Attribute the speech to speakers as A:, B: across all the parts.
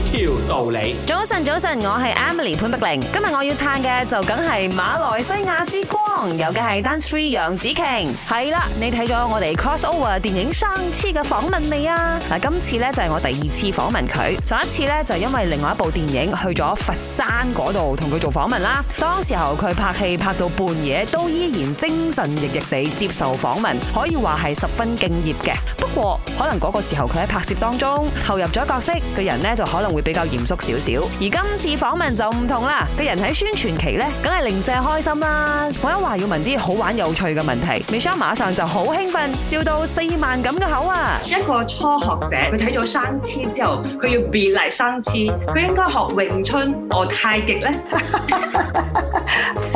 A: 條
B: 道理。早晨，早晨，我係 Emily 潘碧玲。今日我要撐嘅就梗係馬來西亞之光，有嘅係 Tan Sri 楊紫瓊。係啦，你睇咗我哋 Cross Over 電影上次嘅訪問未啊？嗱，今次呢就係我第二次訪問佢。上一次呢就因為另外一部電影去咗佛山嗰度同佢做訪問啦。當時候佢拍戲拍到半夜，都依然精神奕奕地接受訪問，可以話係十分敬業嘅。不過可能嗰個時候佢喺拍攝當中投入咗角色嘅人呢就可。可能會比較嚴肅少少，而今次訪問就唔同啦。個人喺宣傳期咧，梗係零舍開心啦。我一話要問啲好玩有趣嘅問題，Michelle 馬上就好興奮，笑到四萬咁嘅口啊！一個初學者，佢睇咗生刺之後，佢要別嚟，生刺，佢應該學詠春或太極咧？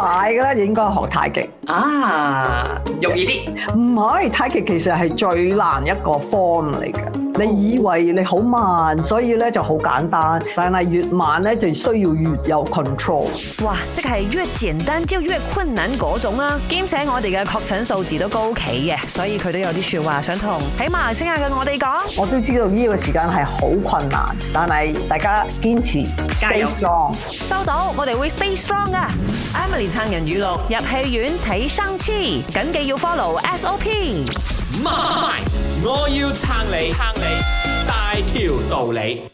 A: 大嘅咧，應該學
B: 太極啊，容易啲？
A: 唔係，太極其實係最難一個 form 嚟嘅。你以為你好慢，所以咧就好簡單，但係越慢咧就需要越有 control。
B: 哇，即係越簡單就越困難嗰種啊！兼且我哋嘅確診數字都高企嘅，所以佢都有啲說話想同喺馬來西亞嘅我哋講。我都知道
A: 呢個時間係好困難，但係大家堅持
B: stay strong。收到，我哋會 stay strong 啊，Emily。撐人語錄，入戲院睇生痴，緊記要 follow SOP。媽咪，我
A: 要撐你，撐你大條道理。